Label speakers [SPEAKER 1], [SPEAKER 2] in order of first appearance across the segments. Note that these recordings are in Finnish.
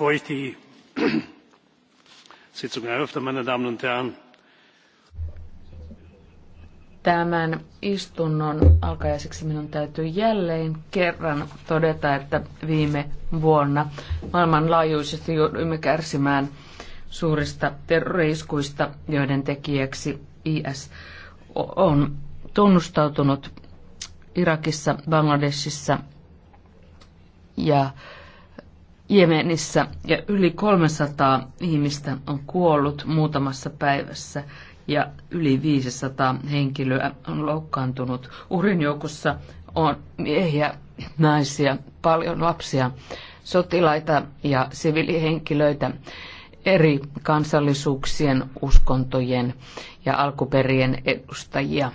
[SPEAKER 1] bevor ich die sitzung eröffne meine damen und herren Tämän istunnon alkajaiseksi minun täytyy jälleen kerran todeta, että viime vuonna maailmanlaajuisesti jouduimme kärsimään suurista terroriskuista, joiden tekijäksi IS on tunnustautunut Irakissa, Bangladesissa ja Jemenissä ja yli 300 ihmistä on kuollut muutamassa päivässä ja yli 500 henkilöä on loukkaantunut. Uhrin joukossa on miehiä, naisia, paljon lapsia, sotilaita ja siviilihenkilöitä eri kansallisuuksien, uskontojen ja alkuperien edustajia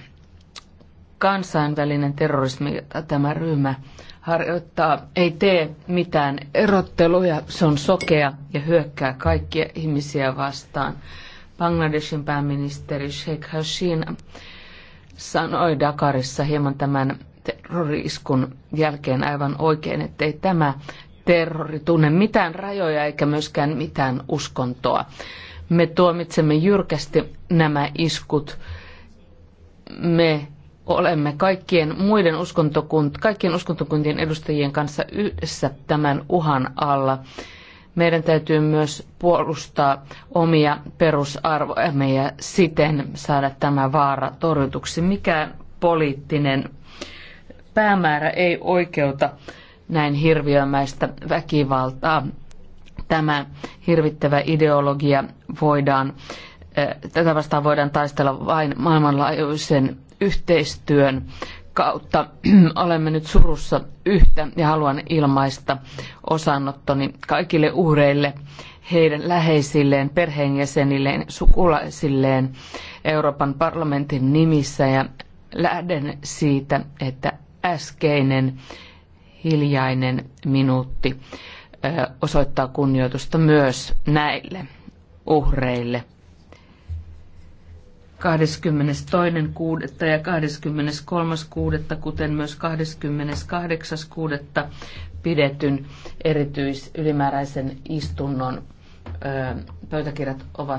[SPEAKER 1] kansainvälinen terrorismi, jota tämä ryhmä harjoittaa, ei tee mitään erotteluja. Se on sokea ja hyökkää kaikkia ihmisiä vastaan. Bangladeshin pääministeri Sheikh Hasina sanoi Dakarissa hieman tämän terroriskun jälkeen aivan oikein, että ei tämä terrori tunne mitään rajoja eikä myöskään mitään uskontoa. Me tuomitsemme jyrkästi nämä iskut. Me olemme kaikkien muiden uskontokunt, kaikkien uskontokuntien edustajien kanssa yhdessä tämän uhan alla. Meidän täytyy myös puolustaa omia perusarvojamme ja siten saada tämä vaara torjutuksi. Mikään poliittinen päämäärä ei oikeuta näin hirviömäistä väkivaltaa. Tämä hirvittävä ideologia voidaan, eh, tätä vastaan voidaan taistella vain maailmanlaajuisen yhteistyön kautta olemme nyt surussa yhtä ja haluan ilmaista osanottoni kaikille uhreille, heidän läheisilleen, perheenjäsenilleen, sukulaisilleen Euroopan parlamentin nimissä ja lähden siitä, että äskeinen hiljainen minuutti osoittaa kunnioitusta myös näille uhreille. 22.6. ja 23.6. kuten myös 28.6. pidetyn erityisylimääräisen istunnon pöytäkirjat ovat